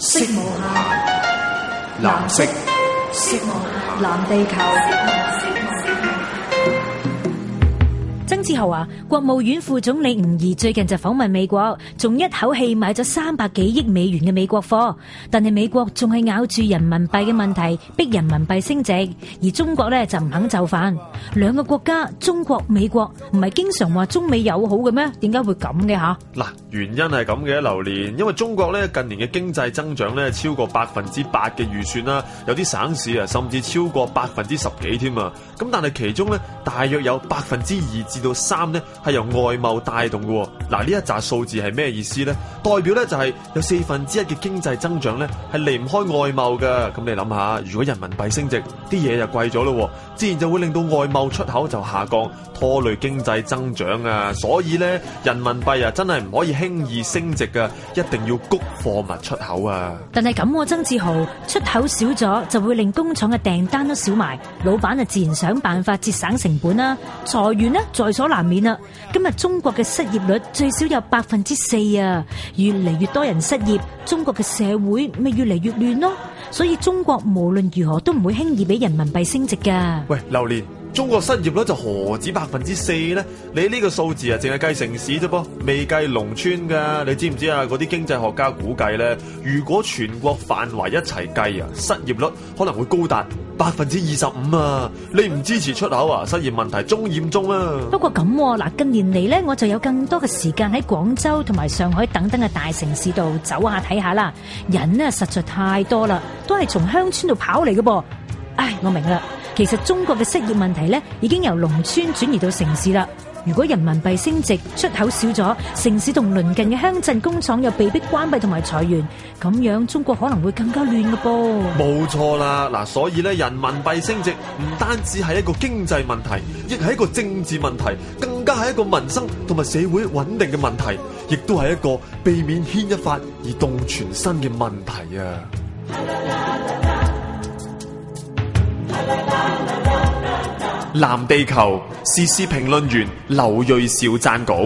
色無限，藍色，色無限，藍地球。色曾志豪啊，國務院副總理吳儀最近就訪問美國，仲一口氣買咗三百幾億美元嘅美國貨。但係美國仲係咬住人民幣嘅問題，逼人民幣升值，而中國咧就唔肯就範。兩個國家，中國、美國，唔係經常話中美友好嘅咩？點解會咁嘅吓？嗱，原因係咁嘅，榴蓮，因為中國咧近年嘅經濟增長咧超過百分之八嘅預算啦，有啲省市啊甚至超過百分之十幾添啊。咁但係其中咧大約有百分之二到三呢係由外貿帶動嘅嗱，呢一紮數字係咩意思呢？代表咧就係有四分之一嘅經濟增長咧係離唔開外貿㗎。咁你諗下，如果人民幣升值，啲嘢就貴咗咯，自然就會令到外貿出口就下降，拖累經濟增長啊。所以咧，人民幣啊真係唔可以輕易升值嘅，一定要谷貨物出口啊。但係咁，我曾志豪出口少咗就會令工廠嘅訂單都少埋，老闆啊自然想辦法節省成本啦，裁員呢。再。在所難免啦，今日中國嘅失業率最少有百分之四啊，越嚟越多人失業，中國嘅社會咪越嚟越亂咯，所以中國無論如何都唔會輕易俾人民幣升值噶。喂，榴蓮。中國失業率就何止百分之四咧？你呢個數字啊，淨係計城市啫噃，未計農村噶。你知唔知啊？嗰啲經濟學家估計咧，如果全國範圍一齊計啊，失業率可能會高達百分之二十五啊！你唔支持出口啊，失業問題仲嚴重啊！不過咁嗱、啊，近年嚟咧，我就有更多嘅時間喺廣州同埋上海等等嘅大城市度走下睇下啦。人咧、啊、實在太多啦，都係從鄉村度跑嚟嘅噃。唉，我明啦。其實中國嘅失業問題咧，已經由農村轉移到城市啦。如果人民幣升值，出口少咗，城市同鄰近嘅鄉鎮工廠又被迫關閉同埋裁員，咁樣中國可能會更加亂嘅噃。冇錯啦，嗱，所以咧，人民幣升值唔單止係一個經濟問題，亦係一個政治問題，更加係一個民生同埋社會穩定嘅問題，亦都係一個避免牽一髮而動全身嘅問題啊！ 藍地球時事評論員劉銳紹撰稿。